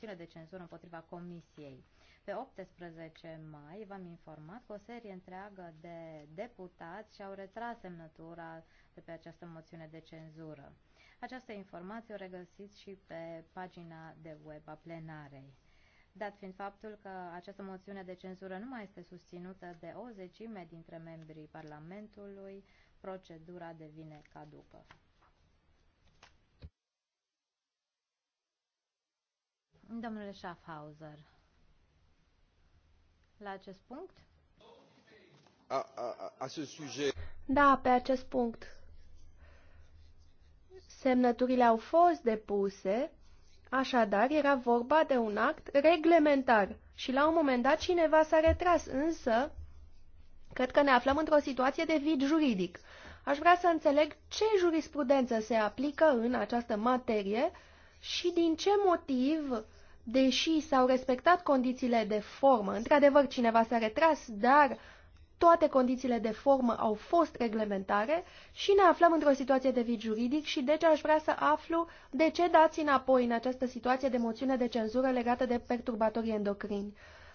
moțiune de cenzură împotriva Comisiei. Pe 18 mai v-am informat că o serie întreagă de deputați și-au retras semnătura de pe această moțiune de cenzură. Această informație o regăsiți și pe pagina de web a plenarei. Dat fiind faptul că această moțiune de cenzură nu mai este susținută de o zecime dintre membrii Parlamentului, procedura devine caducă. Domnule Schaffhauser, la acest punct? A, a, a ce sujet. Da, pe acest punct. Semnăturile au fost depuse, așadar era vorba de un act reglementar și la un moment dat cineva s-a retras, însă cred că ne aflăm într-o situație de vid juridic. Aș vrea să înțeleg ce jurisprudență se aplică în această materie și din ce motiv uh, deși s-au respectat condițiile de formă, într-adevăr cineva s-a retras, dar toate condițiile de formă au fost reglementare și ne aflăm într-o situație de vid juridic și deci aș vrea să aflu de ce dați înapoi în această situație de moțiune de cenzură legată de perturbatorii endocrini.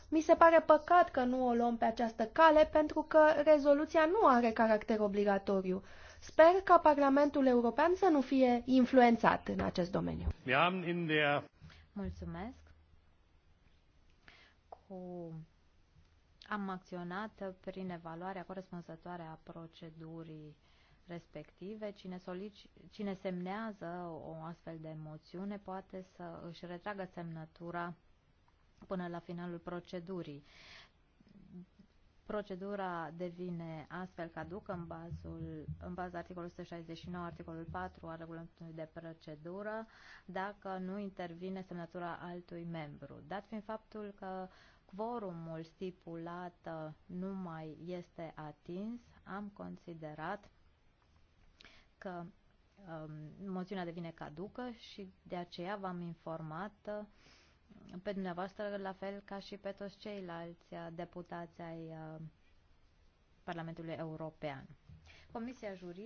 Mi se pare păcat că nu o luăm pe această cale pentru că rezoluția nu are caracter obligatoriu. Sper ca Parlamentul European să nu fie influențat în acest domeniu. Mulțumesc cu am acționat prin evaluarea corespunzătoare a procedurii respective. Cine, solici, cine semnează o astfel de moțiune poate să își retragă semnătura până la finalul procedurii. Procedura devine astfel caducă în, bazul, în baza articolului 169, articolul 4 al regulamentului de procedură, dacă nu intervine semnătura altui membru. Dat fiind faptul că quorumul stipulat uh, nu mai este atins, am considerat că um, moțiunea devine caducă și de aceea v-am informat uh, pe dumneavoastră, la fel ca și pe toți ceilalți uh, deputați ai uh, Parlamentului European. Comisia Juridică